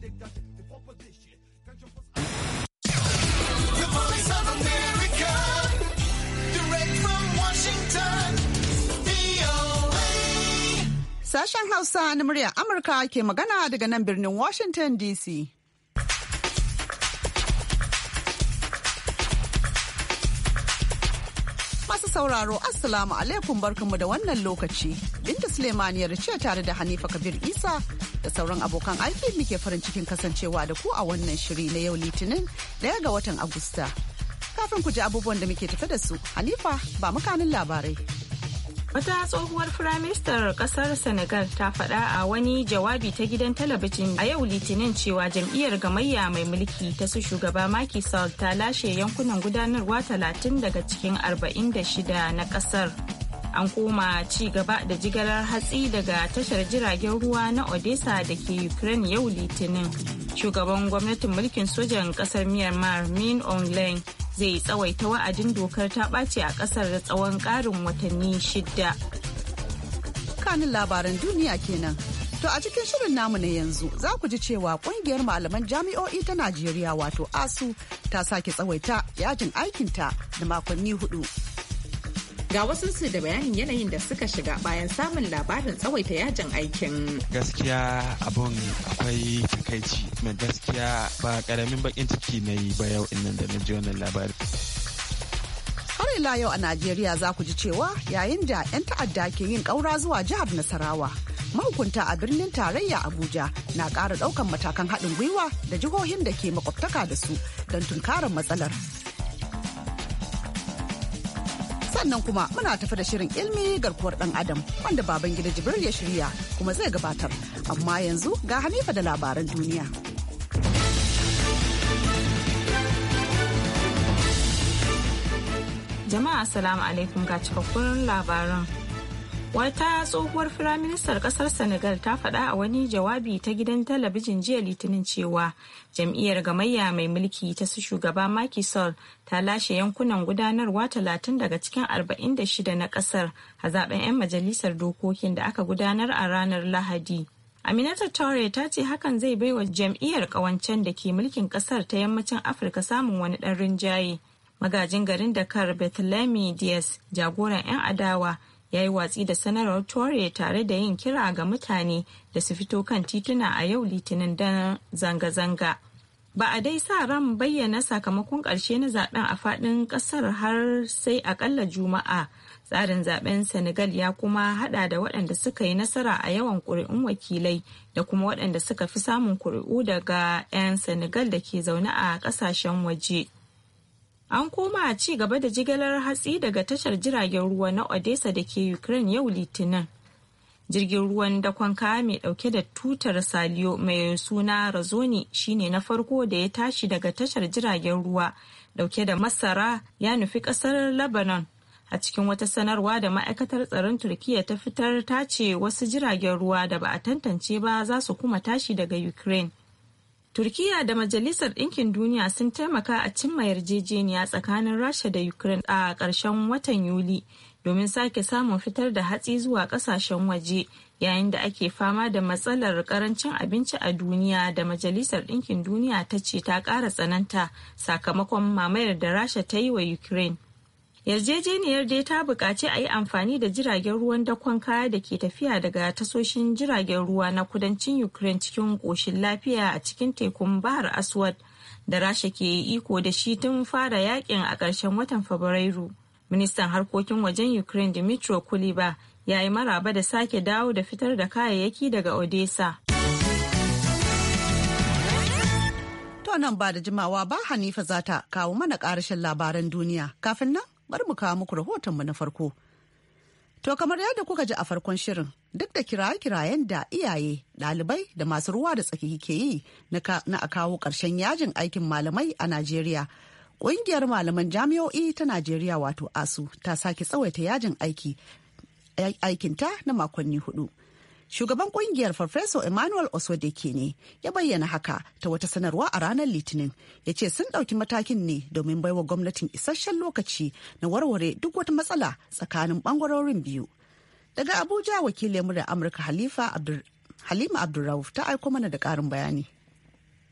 dégager tes propres Sashen Hausa na muryar Amurka ke magana daga nan birnin Washington DC. sauraro Assalamu alaikum barkanmu da wannan lokaci. Binta Sulemaniyar ce tare da Hanifa Kabir Isa da sauran abokan aiki muke farin cikin kasancewa da ku a wannan shiri na yau Litinin daya ga watan Agusta. Kafin ku ji abubuwan da muke tafe da su, Hanifa ba mukanin labarai. Wata tsohuwar firaministar ƙasar Senegal ta faɗa a wani jawabi ta gidan talabijin a yau litinin cewa jam'iyyar gamayya mai mulki ta su shugaba Macky Sall ta lashe yankunan gudanarwa 30 daga cikin 46 na kasar. An koma ci gaba da jigarar hatsi daga tashar jiragen ruwa na Odessa da ke Ukraine yau litinin. Shugaban gwamnatin mulkin sojan kasar Myanmar Min Aung zai tsawaita wa'adin dokar ta ɓace a ƙasar da tsawon ƙarin watanni shidda. Kanin labaran duniya kenan. To a cikin shirin namu na yanzu za ku ji cewa kungiyar malaman jami'o'i ta Najeriya wato ASU ta sake tsawaita yajin aikinta da makonni hudu. Ga wasu su da bayanin yanayin da suka shiga bayan samun labarin tsawaita yajin aikin. Gaskiya abun akwai takaici mai gaskiya ba karamin bakin ciki na yi ba yau da na ji wannan labari. Har ila yau a Najeriya za ku ji cewa yayin da 'yan ta'adda ke yin ƙaura zuwa jihar Nasarawa. mahukunta a birnin tarayya abuja na ƙara ɗaukan matakan haɗin gwiwa da jihohin da ke makwabtaka da su don tunkarar matsalar sannan kuma muna tafi da shirin ilmi garkuwar dan adam wanda baban gida jibril ya shirya kuma zai gabatar amma yanzu ga hanifa da labaran duniya jama'a assalamu alaikum ga cikakkun labaran Wata tsohuwar firaministar kasar Senegal ta faɗa a wani jawabi ta gidan talabijin jiya litinin cewa jam'iyyar gamayya mai mulki ta su shugaba Macky Sall ta lashe yankunan gudanarwa talatin daga cikin arba'in da shida na kasar a zaben 'yan majalisar dokokin da aka gudanar a ranar Lahadi. Aminata Traore ta ce hakan zai baiwa jam'iyyar kawancen da ke mulkin kasar ta yammacin Afirka samun wani ɗan rinjaye. Magajin garin Dakar Bethlehem Diaz jagoran 'yan adawa ya yi watsi da sanarwar tore tare da yin kira ga mutane da su fito kan tituna a yau litinin da zanga-zanga. Ba a dai sa ran bayyana sakamakon ƙarshe na zaɓen a faɗin ƙasar har sai aƙalla Juma'a. Tsarin zaɓen Senegal ya kuma haɗa da waɗanda suka yi nasara a yawan ƙuri'un wakilai da kuma waɗanda suka fi samun ƙuri'u daga 'yan Senegal da ke zaune a ƙasashen waje. An koma a ci gaba da jigilar hatsi daga tashar jiragen ruwa na Odessa da ke Ukraine yau Litinin. Jirgin ruwan dakon kaya mai dauke da tutar Saliyo mai suna Razoni shine na farko da ya tashi daga tashar jiragen ruwa dauke da masara ya nufi kasar Lebanon. A cikin wata sanarwa da ma'aikatar tsaron Turkiyya ta fitar ta ce wasu jiragen ruwa da ba a tantance ba za su kuma tashi daga Ukraine. Turkiya da Majalisar Ɗinkin Duniya sun taimaka a cimma yarjejeniya tsakanin Rasha da Ukraine a ƙarshen watan Yuli domin sake samun fitar da hatsi zuwa ƙasashen waje yayin da ake fama da matsalar ƙarancin abinci a duniya da Majalisar Ɗinkin Duniya ta ce ta ƙara tsananta sakamakon mamayar da Rasha ta yi wa Ukraine. yarjejeniyar dai ta bukaci a yi amfani da jiragen ruwan dakon kaya da ke tafiya daga tasoshin jiragen ruwa na kudancin ukraine cikin ƙoshin lafiya a cikin tekun bahar aswad da rasha ke iko da shi tun fara yakin a ƙarshen watan fabrairu ministan harkokin wajen ukraine dimitro kuliba ya yi maraba da sake dawo da fitar da kayayyaki daga odessa to nan ba da jimawa ba hanifa za ta kawo mana ƙarashin labaran duniya kafin nan bari mu kawo muku mu na farko. To kamar yadda kuka ji a farkon shirin duk da kiraye-kirayen da iyaye, ɗalibai da masu ruwa da tsaki ke yi na a kawo ƙarshen yajin aikin malamai a Najeriya. Ƙungiyar malaman jami'o'i ta Najeriya wato ASU ta sake tsawaita yajin aiki aikinta na makonni hudu. Shugaban kungiyar Farfesa Emmanuel Oswedeke ne ya bayyana haka ta wata sanarwa a ranar Litinin ya ce sun ɗauki matakin ne domin baiwa gwamnatin isasshen lokaci na warware duk wata matsala tsakanin bangarorin biyu. Daga Abuja wakilin murya Amurka Halima Abdulrauf ta aiko mana da ƙarin bayani.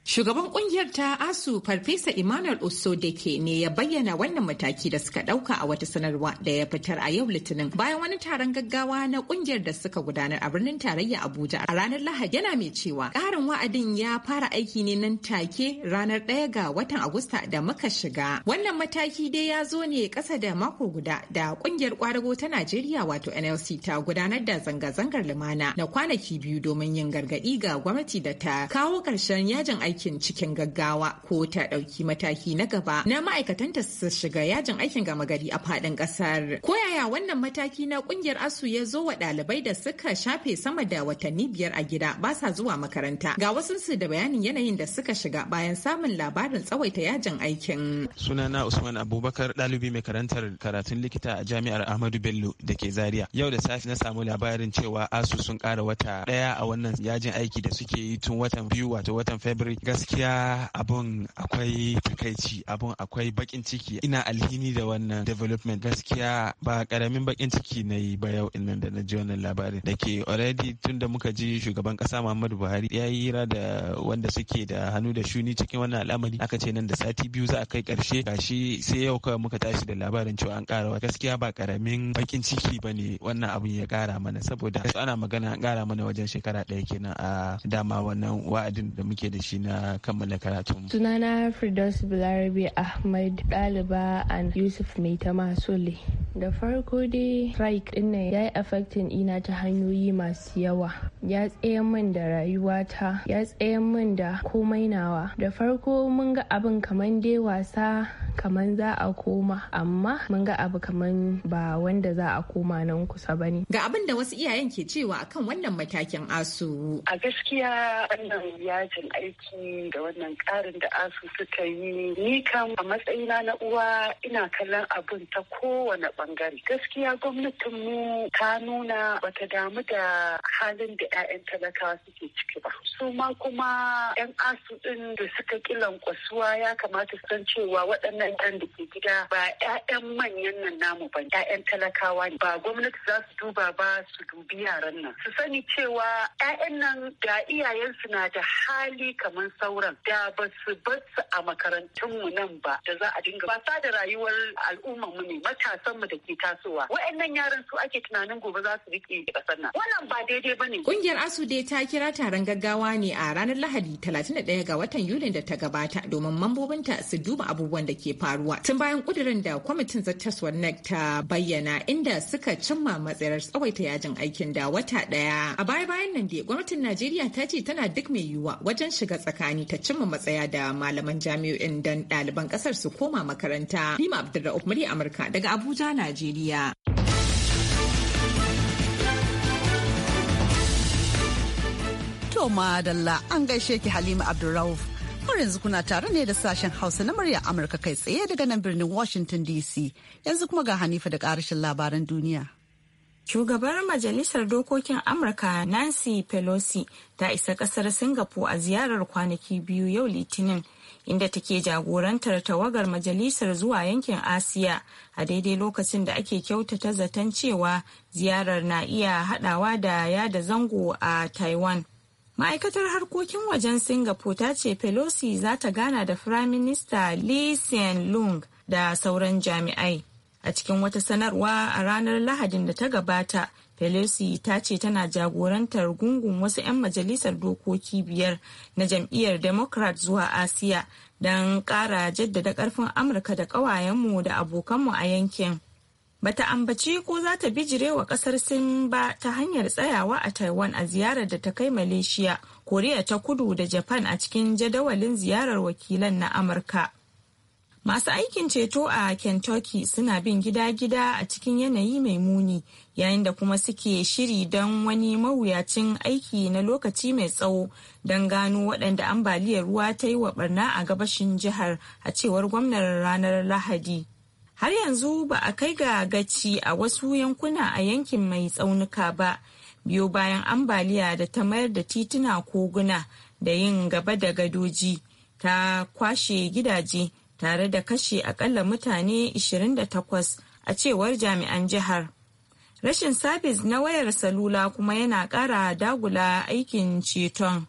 Shugaban kungiyar ta ASU Farfesa Emmanuel Oso da ne ya bayyana wannan mataki da suka dauka a wata sanarwa da ya fitar a yau Litinin bayan wani taron gaggawa na kungiyar da suka gudanar a birnin tarayya Abuja a ranar Lahadi yana mai cewa ƙarin wa'adin ya fara aiki ne nan take ranar ɗaya ga watan Agusta da muka shiga. Wannan mataki dai ya zo ne ƙasa da mako guda da kungiyar kwarago ta Najeriya wato NLC ta gudanar da zanga-zangar lumana na kwanaki biyu domin yin gargaɗi ga gwamnati da ta kawo ƙarshen yajin aiki aikin cikin gaggawa ko ta ɗauki mataki na gaba na ma'aikatanta su shiga yajin aikin gama gari a faɗin ƙasar. Ko yaya wannan mataki na ƙungiyar ASU ya zo wa ɗalibai da suka shafe sama da watanni biyar a gida ba sa zuwa makaranta. Ga wasu su da bayanin yanayin da suka shiga bayan samun labarin tsawaita yajin aikin. Sunana Usman Abubakar ɗalibi mai karantar karatun likita a jami'ar Ahmadu Bello da ke Zaria. Yau da safe na samu labarin cewa ASU sun ƙara wata ɗaya a wannan yajin aiki da suke yi tun watan biyu wato watan February gaskiya abun akwai takaici abun akwai bakin ciki ina alhini da wannan development gaskiya ba karamin bakin ciki na yi ba yau inan da na ji wannan labarin da ke already tun da muka ji shugaban kasa muhammadu buhari ya yi hira da wanda suke da hannu da shuni cikin wannan al'amari aka ce nan da sati biyu za a kai karshe gashi sai yau kawai muka tashi da labarin cewa an kara gaskiya ba karamin bakin ciki ba ne wannan abun ya kara mana saboda ana magana an kara mana wajen shekara ɗaya kenan a dama wannan wa'adin da muke da shi na na kammala karatun. Sunana Firdaus bilarabe Ahmad ɗaliba and Yusuf Maitama Sule. Da farko dai strike ɗin nan ya yi affecting ina ta hanyoyi masu yawa. Ya tsaye min da rayuwata, ya tsaye min da komai nawa. Da farko mun ga abin kamar dai wasa Kaman za a koma amma mun ga abu kamar ba wanda za a koma nan kusa ba ne. Ga abin da wasu iyayen ke cewa akan wannan matakin asu. A gaskiya wannan yajin aiki da wannan karin da asu suka yi ni kam a matsayina na uwa ina kallon abin ta kowane bangare. Gaskiya gwamnatin mu ta nuna bata damu da halin da 'ya'yan talakawa suke ciki ba. Su ma kuma 'yan asu ɗin da suka kilan kwasuwa ya kamata su san cewa waɗannan makarantar da ke gida ba 'ya'yan manyan nan namu ba 'ya'yan talakawa ne ba gwamnati za su duba ba su dubi yaran nan su sani cewa 'ya'yan nan da iyayensu na da hali kamar sauran da ba su bar su a makarantunmu nan ba da za a dinga wasa da rayuwar al'umma mu ne matasanmu da ke tasowa wa'annan yaran su ake tunanin gobe za su rike kasar nan wannan ba daidai ba ne kungiyar asude ta kira taron gaggawa ne a ranar lahadi 31 ga watan yulin da ta gabata domin mambobinta su duba abubuwan da ke faruwa tun bayan kudirin da kwamitin zattaswar nec ta bayyana inda suka cimma matsayar tsawaita yajin aikin da wata daya a baya bayan nan dai gwamnatin najeriya ta ce tana duk mai yiwuwa wajen shiga tsakani ta cimma matsaya da malaman jami'o'in dan ɗaliban ƙasar su koma makaranta lima abdulrahman murya amurka daga abuja najeriya To madalla an gaishe ki Halima Abdulrauf. Har yanzu kuna tare ne da sashen Hausa na murya Amurka kai tsaye daga nan birnin Washington DC. Yanzu kuma ga Hanifa da ƙarashin labaran duniya. Shugabar Majalisar Dokokin Amurka Nancy Pelosi ta isa ƙasar Singapore a ziyarar kwanaki biyu yau Litinin, inda take jagorantar tawagar majalisar zuwa yankin Asiya a daidai lokacin da ake kyautata zaton cewa ziyarar na iya haɗawa da yada zango a Taiwan. ma'aikatar harkokin wajen singapore ta ce pelosi za ta gana da prime minister lee hsien lung da sauran jami'ai a cikin wata sanarwa a ranar lahadin da ta gabata pelosi ta ce tana jagorantar gungun wasu 'yan majalisar dokoki biyar na jam'iyyar democrat zuwa asiya don kara jaddada karfin amurka da kawayenmu da abokanmu a yankin bata ambaci ko za ta bijire wa kasar sin ba ta hanyar tsayawa a taiwan a ziyarar da ta kai malaysia koriya ta kudu da japan a cikin jadawalin ziyarar wakilan na amurka masu aikin ceto a kentucky suna bin gida-gida a cikin yanayi mai muni yayin da kuma suke shiri don wani mawuyacin aiki na lokaci mai tsawo don gano waɗanda ambaliyar ruwa ta yi wa barna a gabashin jihar a cewar gwamnar ranar lahadi har yanzu ba a kai ga gaci a wasu yankuna a yankin mai tsaunuka ba biyo bayan ambaliya da ta mayar da tituna koguna da yin gaba da gadoji ta kwashe gidaje tare da kashe akalla mutane 28 a cewar jami'an jihar rashin sabis na wayar salula kuma yana ƙara dagula aikin ceton.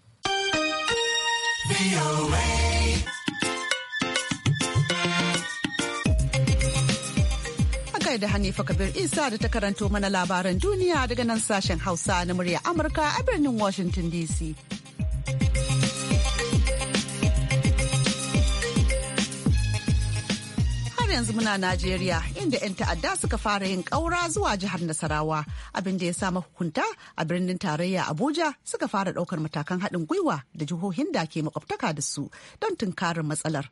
kai da Hanifa Kabir Isa da ta karanto mana labaran duniya daga nan sashen Hausa na murya Amurka a birnin Washington DC. har yanzu muna Najeriya inda 'yan ta'adda suka fara yin ƙaura zuwa jihar Nasarawa abin da ya sa mahukunta a birnin tarayya Abuja suka fara ɗaukar matakan haɗin gwiwa da jihohin da ke makwabtaka da su don tunkarin matsalar.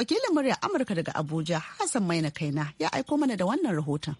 wakilin murya amurka daga abuja hassan maina kaina ya aiko mana da wannan rahoton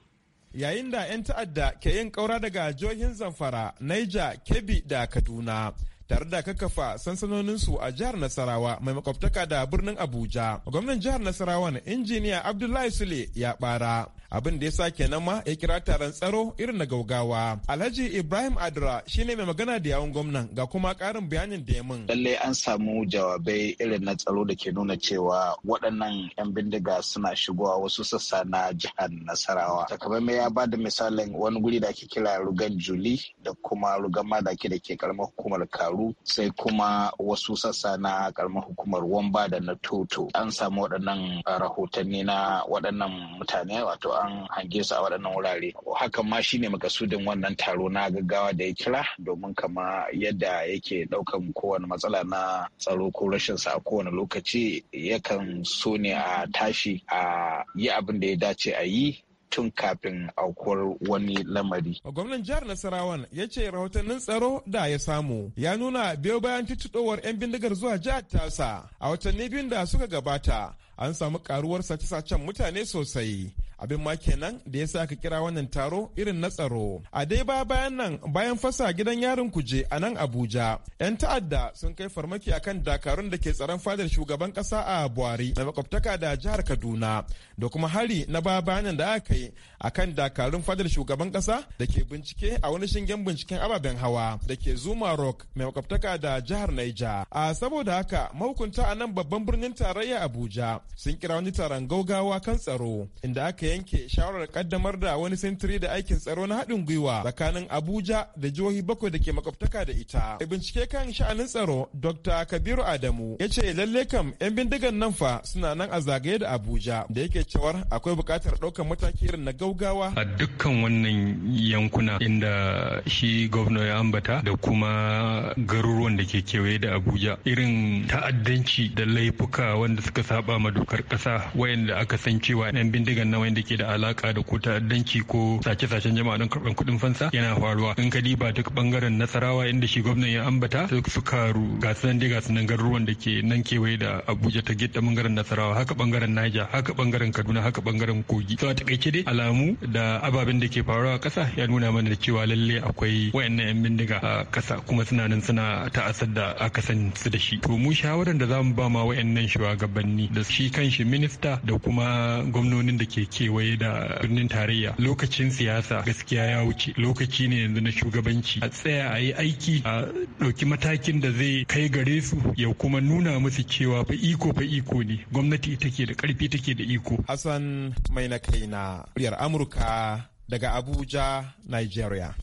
yayin da 'yan ta'adda ke yin kaura daga jihohin zamfara niger kebbi da kaduna tare da kakkafa sansanoninsu a jihar Nasarawa mai makwabtaka da birnin Abuja. Gwamnan jihar Nasarawa na injiniya Abdullahi Sule ya bara abin da ya sa kenan ma ya kira taron tsaro irin na gaugawa alhaji ibrahim adra shine mai magana da yawun gwamnan ga kuma karin bayanin da ya min lallai an samu jawabai irin na tsaro da ke nuna cewa waɗannan yan bindiga suna shigowa wasu sassa na jihar nasarawa takamaimai ya ba da misalin wani guri da ake kira rugan juli da kuma rugan madaki da ke karamar hukumar karu sai kuma wasu sassa na karamar hukumar wamba da na toto an samu waɗannan rahotanni na waɗannan mutane wato an hange su a waɗannan wurare hakan ma shine makasudin wannan taro na gaggawa da ya kira domin kama yadda yake ɗaukan kowane matsala na tsaro ko rashin sa a kowane lokaci yakan so ne a tashi a yi abin da ya dace a yi tun kafin aukuwar wani lamari. Gwamnan jihar Nasarawan ya ce rahotannin tsaro da ya samu ya nuna biyo bayan tuttuɗowar 'yan bindigar zuwa jihar tasa a watanni biyun da suka gabata an samu karuwar sace-sacen mutane sosai abin ma kenan da ya sa aka kira wannan taro irin na tsaro a dai ba bayan nan bayan fasa gidan yarin kuje a nan abuja yan ta'adda sun kai farmaki akan dakarun da ke tsaron fadar shugaban kasa a buhari na makwabtaka da jihar kaduna da kuma hari na ba bayan da aka yi akan dakarun fadar shugaban kasa da ke bincike a wani shingen binciken ababen hawa da ke zuma rock mai makwabtaka da jihar naija a saboda haka mahukunta a nan babban birnin tarayya abuja sun kira wani taron gaugawa kan tsaro inda aka yanke shawarar kaddamar da wani sintiri da aikin tsaro na haɗin gwiwa tsakanin Abuja da jihohi bakwai da ke makwabtaka da ita. Bincike kan sha'anin tsaro Dr. Kabiru Adamu ya ce lalle kam 'yan bindigan nan fa suna nan a zagaye da Abuja da yake cewar akwai buƙatar ɗaukar mataki irin na gaugawa. A dukkan wannan yankuna inda shi gwamna ya ambata da kuma garuruwan da ke kewaye da Abuja irin ta'addanci da laifuka wanda suka saba ma dokar ƙasa wayanda aka san cewa 'yan bindigan nan wanda da ke da alaka da ko ta'addanci ko sace-sacen jama'a don karɓar kuɗin fansa yana faruwa in ka diba duk bangaren nasarawa inda shi gwamnan ya ambata suka gasu nan dai gasu nan garuruwan da ke nan kewaye da abuja ta gidda bangaren nasarawa haka bangaren naija haka bangaren kaduna haka bangaren kogi to a takaice dai alamu da ababen da ke faruwa a ƙasa ya nuna mana da cewa lalle akwai wayannan yan bindiga a kasa. kuma suna nan suna ta'asar da aka san su da shi to mu shawaran da zamu ba ma wayannan shugabanni da shi kanshi minista da kuma gwamnonin da ke kewaye kewaye da birnin tarayya lokacin siyasa gaskiya ya wuce lokaci ne yanzu na shugabanci a tsaya a yi aiki a ɗauki matakin da zai kai gare su ya kuma nuna musu cewa fa iko fa iko ne gwamnati ita ke da ƙarfi take da iko. Hassan mai na kai na muryar Amurka daga Abuja, Nigeria.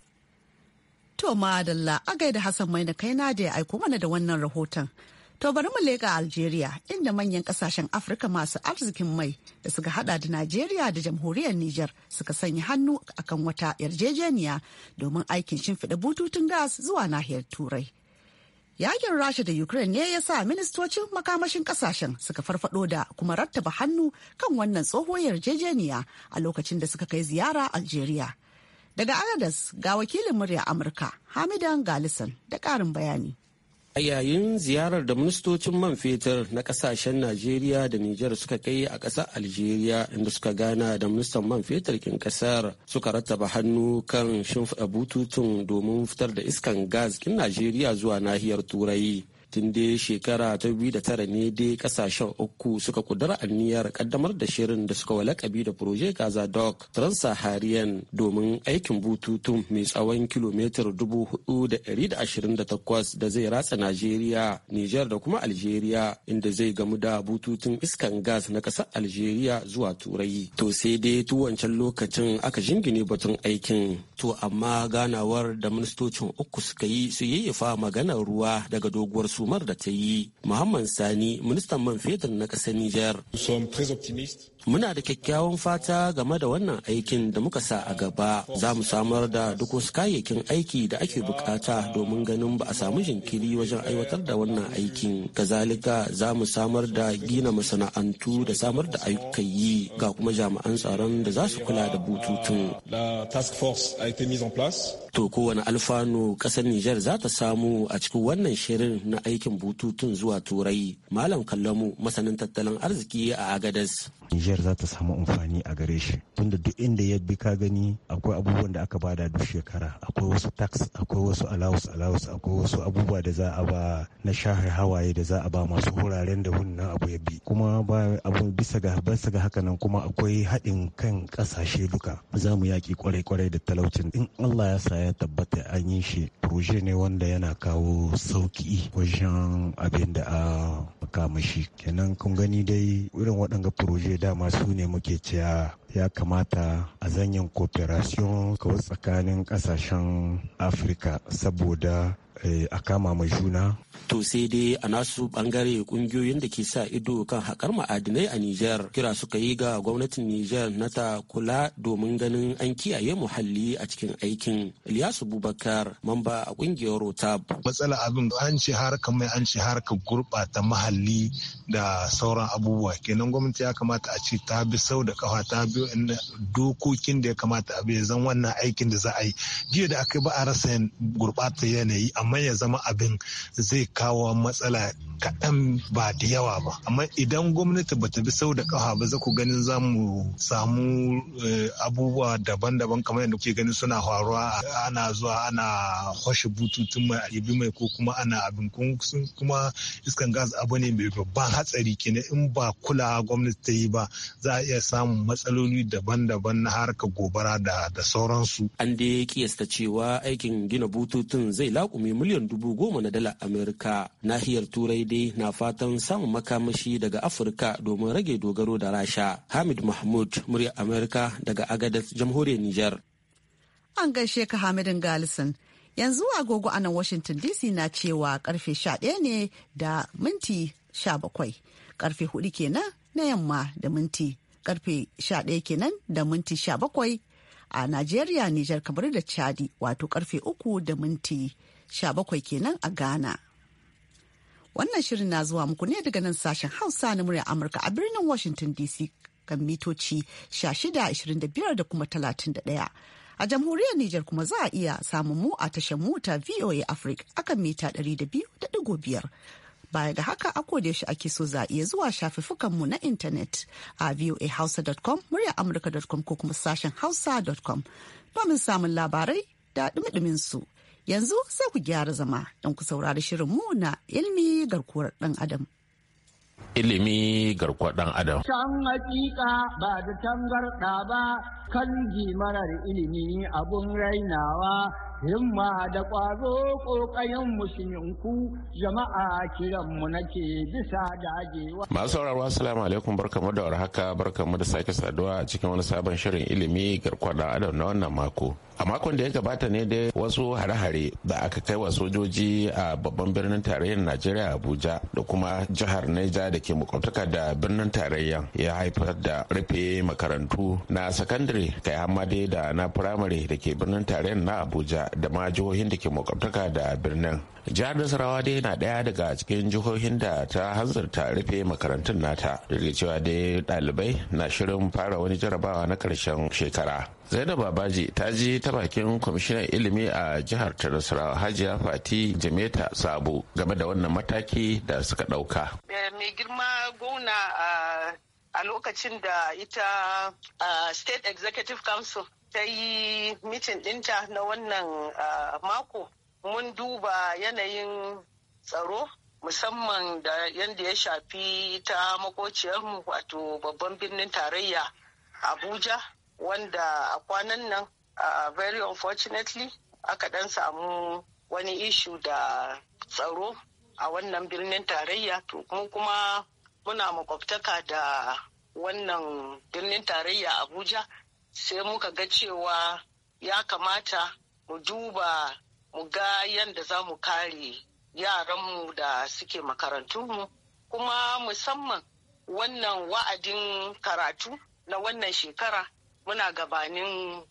To madalla a gaida Hassan mai na kai na da ya aiko mana da wannan rahoton. To bari mu leƙa Algeria inda manyan kasashen Afirka masu arzikin mai da suka hada da Najeriya da jamhuriyar Nijar suka sanya hannu akan wata yarjejeniya domin aikin shimfiɗa bututun gas zuwa nahiyar Turai. Yakin Rasha da Ukraine ne ya sa ministocin makamashin kasashen suka farfado da kuma rattaba hannu kan wannan tsohuwar yarjejeniya a lokacin da suka kai ziyara Algeria. Daga Agadas ga wakilin murya Amurka Hamidan Galison da ƙarin bayani. A yayin ziyarar da ministocin man fetur na kasashen Najeriya da Nijar suka kai a ƙasar Algeria inda suka gana da ministan man fetur kin ƙasar suka rattaba hannu kan shimfiɗa bututun domin fitar da iskan gas kin Najeriya zuwa nahiyar Turai. tun dai shekara ta biyu da tara ne dai kasashen uku suka kudura aniyar kaddamar da shirin da suka walakabi da proje gaza dog transaharian domin aikin bututun mai tsawon kilomitar dubu hudu da dari da ashirin da takwas da zai ratsa najeriya niger da kuma algeria inda zai gamu da bututun iskan gas na ƙasar algeria zuwa turai to sai dai tu lokacin aka jingine batun aikin to amma ganawar da ministocin uku suka yi su yayyafa maganar ruwa daga doguwar husumar da ta yi muhammad sani ministan man fetur na ƙasar nijar muna da kyakkyawan fata game da wannan aikin da muka sa a gaba za mu samar da duk wasu kayayyakin aiki da ake bukata domin ganin ba a samu jinkiri wajen aiwatar da wannan aikin kazalika za mu samar da gina masana'antu da samar da ayyukan yi ga kuma jami'an tsaron da za su kula da bututun To kowane alfanu kasar Nijar za ta samu a cikin wannan shirin na aikin bututun zuwa turai. Malam Kallamu masanin tattalin arziki a Agadas. Nijar za ta samu amfani a gare shi. Tunda duk inda ya bi ka gani akwai abubuwan da aka bada duk shekara. Akwai wasu tax, akwai wasu allowance allowance, akwai wasu abubuwa da za a ba na shahar hawaye da za a ba masu huraren da wannan abu ya bi. Kuma ba abu bisa ga bisa ga haka nan kuma akwai haɗin kan ƙasashe duka. Za mu yaƙi kwarai-kwarai da talaucin. In Allah ya saya. ya tabbata an yi shi proje ne wanda yana kawo sauki wajen abin da a kamashi kenan kun gani dai irin waɗanga proje dama su ne muke cewa ya kamata a zanyin cooperation kawai tsakanin ƙasashen afirka saboda Eh, a kama mai juna. To sai dai a nasu bangare kungiyoyin da ke sa ido kan haƙar ma'adinai a Nijar kira suka yi ga gwamnatin Nijar na ta kula domin ganin an kiyaye muhalli a cikin aikin. Ilyasu Bubakar mamba a kungiyar Rotab. Matsala abin an ce harkar mai an ce harkar gurɓata muhalli da sauran abubuwa kenan gwamnati ya kamata a ce ta bi sau da kafa ta bi dokokin da ya kamata a bi zan wannan aikin da za a yi. Jiya da aka ba a rasa gurɓata yanayi a amma ya zama abin zai kawo matsala kaɗan ba da yawa ba amma idan gwamnati ba ta bi sau da ƙafa ba za ku ganin za mu samu eh, abubuwa daban-daban kamar yadda kuke ganin suna faruwa ana zuwa ana hoshe bututun mai ibi mai ko kuma ana abin kuma iskan gas abu ne mai babban hatsari kenan in ba kula gwamnati ta yi ba za a iya samun matsaloli daban-daban na harkar gobara da sauransu. An dai kiyasta cewa aikin gina bututun zai laƙumi miliyan dubu goma na dala Amerika. Nahiyar Turai dai na fatan samun makamashi daga Afirka domin rage dogaro da Rasha. Hamid Mahmud, murya Amerika daga Agadez, Jamhuriyar Nijar. An gaishe ka Hamidin Galison. Yanzu agogo a nan Washington DC na cewa karfe 11 ne da minti 17. Karfe 4 kenan na yamma da minti. Karfe 11 kenan da minti sha bakwai a Najeriya, Nijar, kamar da Chadi wato karfe uku da minti 17 kenan a Ghana. Wannan shirin na zuwa muku ne daga nan sashen Hausa na murya Amurka a birnin Washington DC kan mitoci 1625 da kuma 31. A jamhuriyar Nijar kuma za a iya samun mu a tashar mota VOA Africa akan mita 200.5. Baya da haka a yaushe ake so za a iya zuwa mu na intanet a voahausa.com, murya amurka.com ko kuma sashen hausa.com domin samun labarai da dumi su Yanzu sai ku gyara zama don ku saurari shirinmu na ilmi garkuwar ɗan adam. Ilimi garkuwar dan adam. Can hakika ba da tangarɗa ba kan marar ilimi abun rainawa himma da ƙwazo kokayen musulunku jama'a kiranmu nake bisa dagewa. Masu sauraro assalamu alaikum barkamu da warhaka barkamu da sake saduwa a cikin wani sabon shirin ilimi garkuwar dan adam na wannan mako. a makon da ya gabata ne dai wasu hare-hare da aka kai wa sojoji a babban birnin tarayyar najeriya abuja da kuma jihar naija da ke makwabtaka da birnin tarayyar ya haifar da rufe makarantu na sakandare kai hamadai da na firamare da ke birnin tarayyar na abuja da ma jihohin da ke makwabtaka da birnin jihar nasarawa dai na ɗaya daga cikin jihohin da ta hanzarta rufe makarantun nata da cewa dai ɗalibai na shirin fara wani jarabawa na karshen shekara zainab babaji ta ji ta bakin kwamishinan ilimi a jihar ta nasarawa hajiya fati jameta sabo game da wannan mataki da suka ɗauka eh, mai girma gona ah, a lokacin da ita ah, state executive council ta yi mitin dinta na wannan ah, mako mun duba yanayin tsaro musamman da yadda ya shafi ta makociyarmu wato babban birnin tarayya abuja wanda a kwanan nan uh, very unfortunately aka dan samu wani ishu da tsaro a wannan birnin tarayya to kuma muna makwabtaka da wannan birnin tarayya abuja sai muka ga cewa ya kamata mu duba mu ga yadda za mu kare yaranmu da suke makarantunmu kuma musamman wannan wa'adin karatu na wannan shekara muna gabanin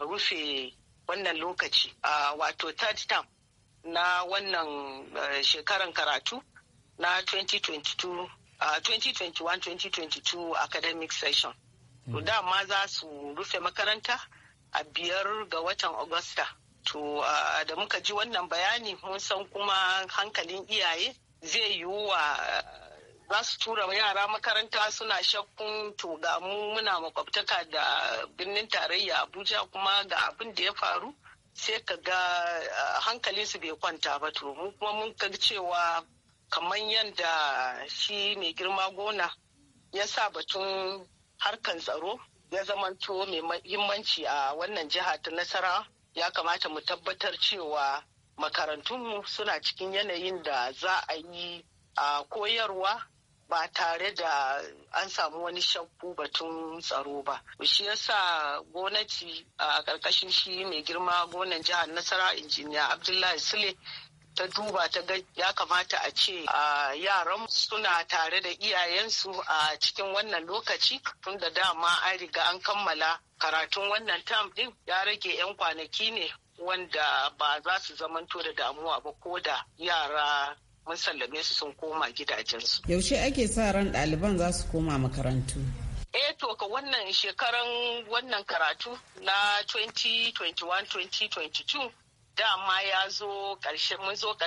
rufe wannan lokaci a wato third term na wannan e, shekaran karatu na 2021-2022 academic session. Mm -hmm. Dama za su rufe makaranta a biyar ga watan Augusta. To da muka ji wannan bayani mun san kuma hankalin iyaye zai yiwuwa wa za su tura yara makaranta suna shakkun to ga mu muna makwabtaka da birnin tarayya Abuja kuma ga abin da ya faru sai ka ga hankalinsu bai kwanta ba to mu kuma mun ga cewa kamar yadda shi mai girma gona ya sa batun harkan tsaro ya zamanto mai mahimmanci a wannan jiha ta nasara ya kamata mu tabbatar cewa makarantunmu suna cikin yanayin da za a yi a koyarwa ba tare da an samu wani shakku batun tsaro ba. Shi yasa gwamnati a karkashin shi mai girma gonan jihar Nasara injiniya Abdullahi Sule ta duba ta ga ya kamata a ce a yaran suna tare da iyayensu a cikin wannan lokaci tun da dama an riga an kammala karatun wannan term din ya rage 'yan kwanaki ne wanda ba za su zamanto da damuwa ba ko da yara mun sallame su sun koma gidajensu. Yaushe ake sa ran ɗaliban za su koma makarantu? eh to ka wannan shekaran wannan karatu na 2021-2022 dama ya zo ƙarshen mun zo ta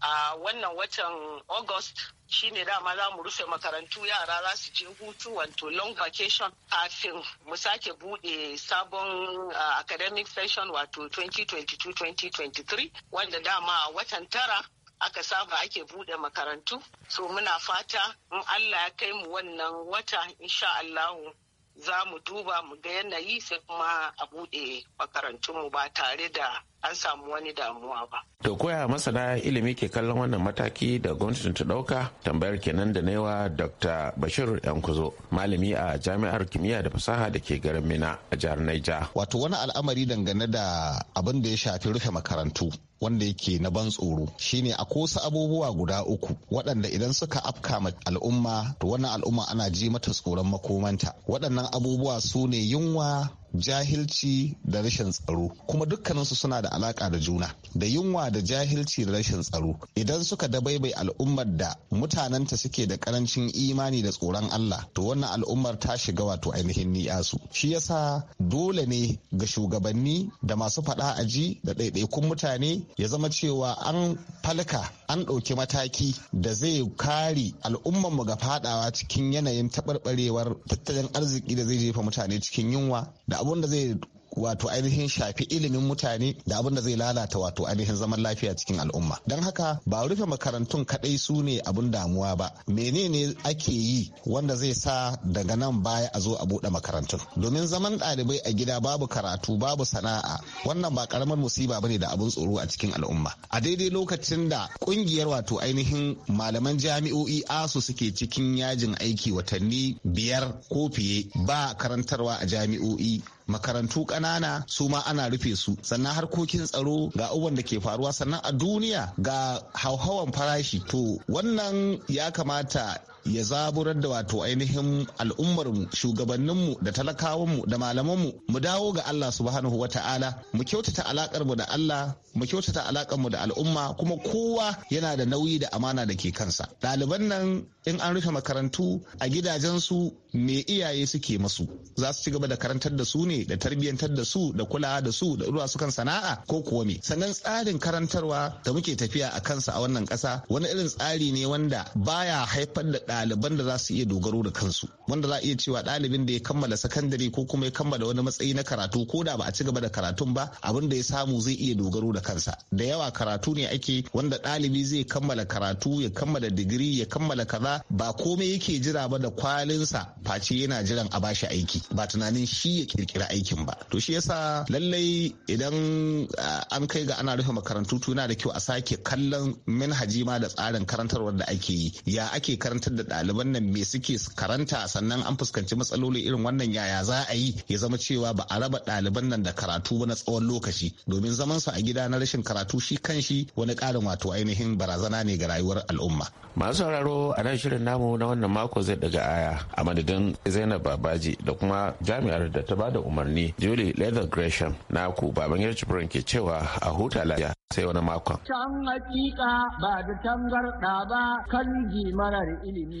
a wannan watan august shine dama za mu rufe makarantu yara za su je hutu wato long vacation kafin mu sake bude sabon academic session wato 2022-2023 wanda dama watan tara aka saba ake bude makarantu so muna fata in allah ya kai mu wannan wata insha allahu za mu duba mu ga yanayi sai kuma a bude makarantunmu ba tare da an samu wani damuwa ba. To koya masana ilimi ke kallon wannan mataki da gwamnatin ta dauka tambayar kenan da naiwa Dr. Bashir Yankuzo malami a jami'ar kimiyya da fasaha da ke garin Mina a jihar Naija. Wato wani al'amari dangane da abin da ya shafi rufe makarantu wanda yake na ban tsoro shine a kosa abubuwa guda uku waɗanda idan suka afka ma al'umma to wannan al'umma ana ji mata tsoron makomanta waɗannan abubuwa su ne yunwa jahilci da rashin tsaro kuma dukkaninsu suna da alaka da juna da yunwa da jahilci da rashin tsaro idan suka da baibai al'ummar da mutanenta suke da karancin imani da tsoron Allah to wannan al'ummar ta shiga wato ainihin niyasu shi yasa dole ne ga shugabanni da masu faɗa aji da ɗaiɗaikun mutane ya zama cewa an falka an ɗauki mataki da zai kare al'ummar mu ga fadawa cikin yanayin taɓarɓarewar tattalin arziki da zai jefa mutane cikin yunwa da I wonder if. wato ainihin shafi ilimin mutane da abin da zai lalata wato ainihin zaman lafiya cikin al'umma don haka ba rufe makarantun kadai su ne abin damuwa ba menene ake yi wanda zai sa daga nan baya a zo a buɗe makarantun domin zaman ɗalibai a gida babu karatu babu sana'a wannan ba karamar musiba bane da abin tsoro a cikin al'umma a daidai lokacin da kungiyar wato ainihin malaman jami'o'i asu suke cikin yajin aiki watanni biyar ko fiye ba karantarwa a jami'o'i makarantu ƙanana su ma ana rufe su sannan harkokin tsaro ga abubuwan da ke faruwa sannan a duniya ga hauhawan farashi to wannan ya kamata ya zaburar da wato ainihin al'ummarmu shugabanninmu da talakawanmu da malamanmu mu dawo ga Allah subhanahu wa ta'ala mu kyautata alakar mu da Allah mu kyautata alakar mu da al'umma kuma kowa yana da nauyi da amana da ke kansa ɗaliban nan in an rufe makarantu a gidajensu me iyaye suke masu za su ci gaba da karantar da su ne da tarbiyyantar da su da kulawa da su da ruwa su kan sana'a ko kuwa me sannan tsarin karantarwa da muke tafiya a kansa a wannan ƙasa wani irin tsari ne wanda baya haifar da ɗaliban da za su iya dogaro da kansu wanda za a iya cewa ɗalibin da ya kammala sakandare ko kuma ya kammala wani matsayi na karatu ko da ba a ci gaba da karatun ba abin da ya samu zai iya dogaro da kansa da yawa karatu ne ake wanda ɗalibi zai kammala karatu ya kammala digiri ya kammala kaza ba komai yake jira ba da kwalinsa face yana jiran a bashi aiki ba tunanin shi ya kirkira aikin ba to shi yasa lallai idan an kai ga ana rufe makarantu to yana da kyau a sake kallon manhaji ma da tsarin karantarwar da ake yi ya ake karantar da da ɗaliban nan me suke karanta sannan an fuskanci matsaloli irin wannan yaya za a yi ya zama cewa ba a raba ɗaliban nan da karatu ba na tsawon lokaci domin zaman su a gida na rashin karatu shi kan shi wani ƙarin wato ainihin barazana ne ga rayuwar al'umma. Masu sauraro a nan shirin namu na wannan mako zai daga aya a madadin Zainab Babaji da kuma jami'ar da ta bada umarni Julie Leather Gresham na ku baban yarjibirin ke cewa a huta lafiya sai wani makon. Can hakika ba da tangarɗa ba kan ji marar ilimi.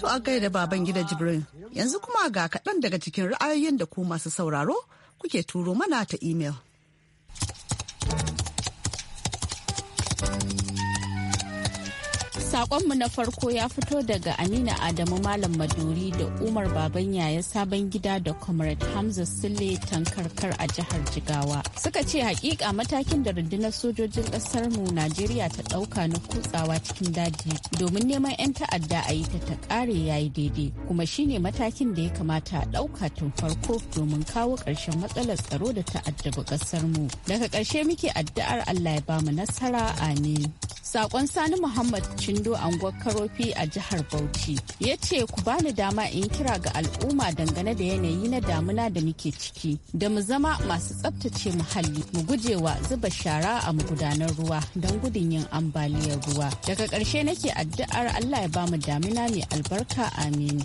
To a gaida baban gida Jibrin, yanzu kuma ga kaɗan daga cikin ra'ayoyin da ku masu sauraro kuke turo mana ta imel. Sakonmu na farko ya fito daga Amina Adamu Malam Maduri da Umar Baban Yaya Sabon Gida da Comrade Hamza Sule Tankarkar a jihar Jigawa. Suka ce hakika matakin da rundunar sojojin kasar mu Najeriya ta dauka na kutsawa cikin daji domin neman 'yan ta'adda a yi ta ta kare yayi daidai kuma shine matakin da ya kamata a dauka tun farko domin kawo ƙarshen matsalar tsaro da ta'addaba kasar mu. Daga ƙarshe muke addu'ar Allah ya bamu nasara amin. sakon sani muhammad cindo anguwar karofi a jihar bauchi ya ce ku bani dama in kira ga al'umma dangane da yanayi na damuna da muke ciki da mu zama masu tsabtace muhalli mu gujewa zuba shara a magudanar ruwa don gudun yin ambaliyar ruwa daga ƙarshe nake addu'ar allah ya bamu damina mai albarka amin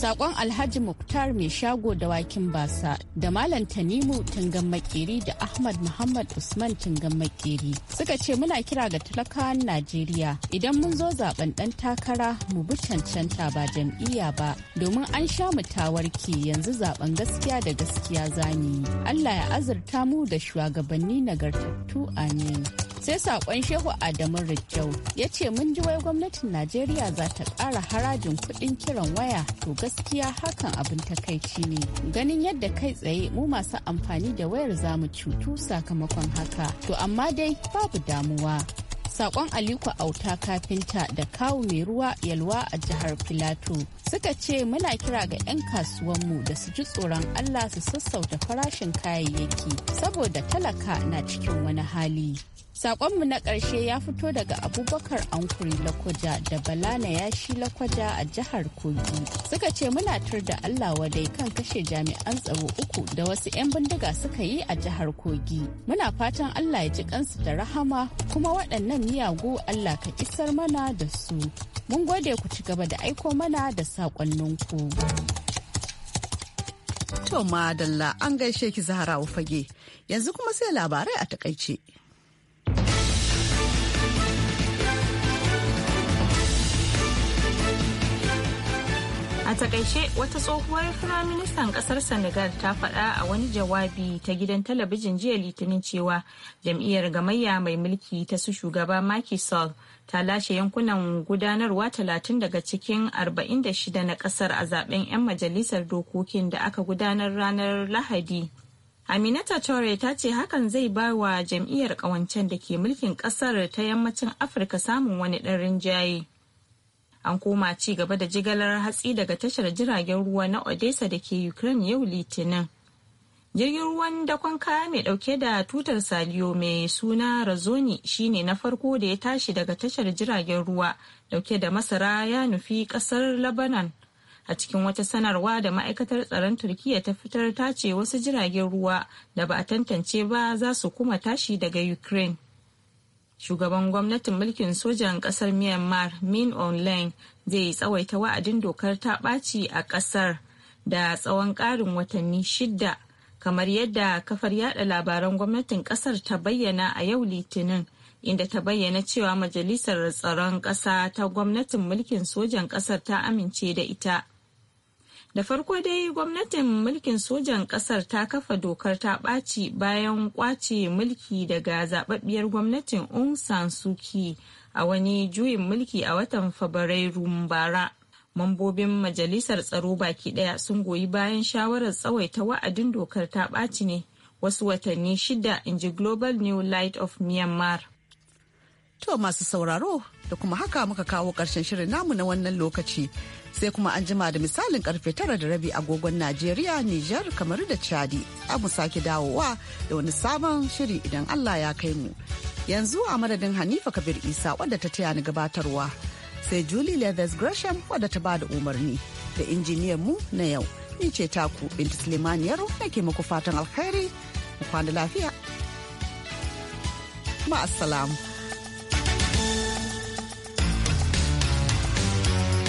sakon alhaji muktar mai shago da wakin basa da malam tanimu tungan makeri da ahmad muhammad usman tungan makeri suka ce muna kira ga talakawan najeriya idan mun zo zaben dan takara mu bi cancanta ba jam'iyya ba domin an sha mu tawarki yanzu zaben gaskiya da gaskiya zani allah ya azurta mu da shugabanni nagartattu amin sai sakon shehu adamu rijau ya ce mun ji wai gwamnatin najeriya za ta ƙara harajin kuɗin kiran waya to gaskiya hakan abin takaici ne ganin yadda kai tsaye mu masu amfani da wayar zamu cutu sakamakon haka to amma dai babu damuwa sakon aliko auta kafinta da kawu mai ruwa yalwa a jihar filato suka ce muna kira ga 'yan kasuwanmu da su ji tsoron allah su sassauta farashin kayayyaki saboda talaka na cikin wani hali saƙonmu na ƙarshe ya fito daga Abubakar Ankuri Lakwaja da Balana Yashi Lakwaja a jihar Kogi. Suka ce muna tur da Allah wadai kan kashe jami'an tsaro uku da wasu 'yan bindiga suka yi a jihar Kogi. Muna fatan Allah ya ji kansu da rahama kuma waɗannan miyagu Allah ka isar mana da su. Mun gode ku ci gaba da aiko mana da saƙonninku. To madalla an gaishe ki Zahra Fage. Yanzu kuma sai labarai a takaice. A takaice wata tsohuwar firaministan kasar Senegal ta faɗa a wani jawabi ta gidan talabijin jiya litinin cewa jam'iyyar gamayya mai mulki ta su shugaba Macky Sall ta lashe yankunan gudanarwa talatin daga cikin 46 na kasar a zaben 'yan majalisar dokokin da aka gudanar ranar Lahadi. Aminata Chore ta ce hakan zai ba wa jam'iyyar ƙawancen da ke mulkin ƙasar ta yammacin Afirka samun wani ɗan rinjaye. an koma ci gaba da jigalar hatsi daga tashar jiragen ruwa na odessa da ke ukraine yau litinin jirgin ruwan dakon kaya mai dauke da tutar saliyo mai suna razoni shine na farko da ya tashi daga tashar jiragen ruwa dauke da masara ya nufi kasar lebanon a cikin wata sanarwa da ma'aikatar tsaron turkiya ta fitar tace wasu jiragen ruwa da ba a tantance ba za su kuma tashi daga ukraine shugaban gwamnatin mulkin sojan kasar myanmar min online zai tsawaita wa'adin dokar ta ɓaci a ƙasar da tsawon ƙarin watanni shidda kamar yadda kafar yada labaran gwamnatin ƙasar ta bayyana a yau litinin inda ta bayyana cewa majalisar tsaron ƙasa ta gwamnatin mulkin sojan ƙasar ta amince da ita Da farko dai gwamnatin mulkin sojan kasar ta kafa dokar ta ɓaci bayan ƙwace mulki daga zababbiyar gwamnatin Aung San Suu a wani juyin mulki a watan fabrairu bara. Mambobin Majalisar Tsaro baki ɗaya sun goyi bayan shawarar tsawaita wa'adin dokar ta ɓaci ne wasu watanni shida in ji Global New Light of Myanmar. To masu sauraro da kuma haka muka kawo ƙarshen shirin namu na wannan lokaci sai kuma an jima da misalin karfe tara da rabi agogon Najeriya, Nijar, kamar da Chadi. mu sake dawowa da wani sabon shiri idan Allah ya kai mu. Yanzu a madadin Hanifa Kabir Isa wadda ta taya ni gabatarwa. Sai Julie Leathers Gresham wadda ta bada umarni da injiniyan mu na yau. Ni ce taku Binta Suleiman Yaro nake muku fatan alkhairi. Mu kwana lafiya. Ma'assalamu.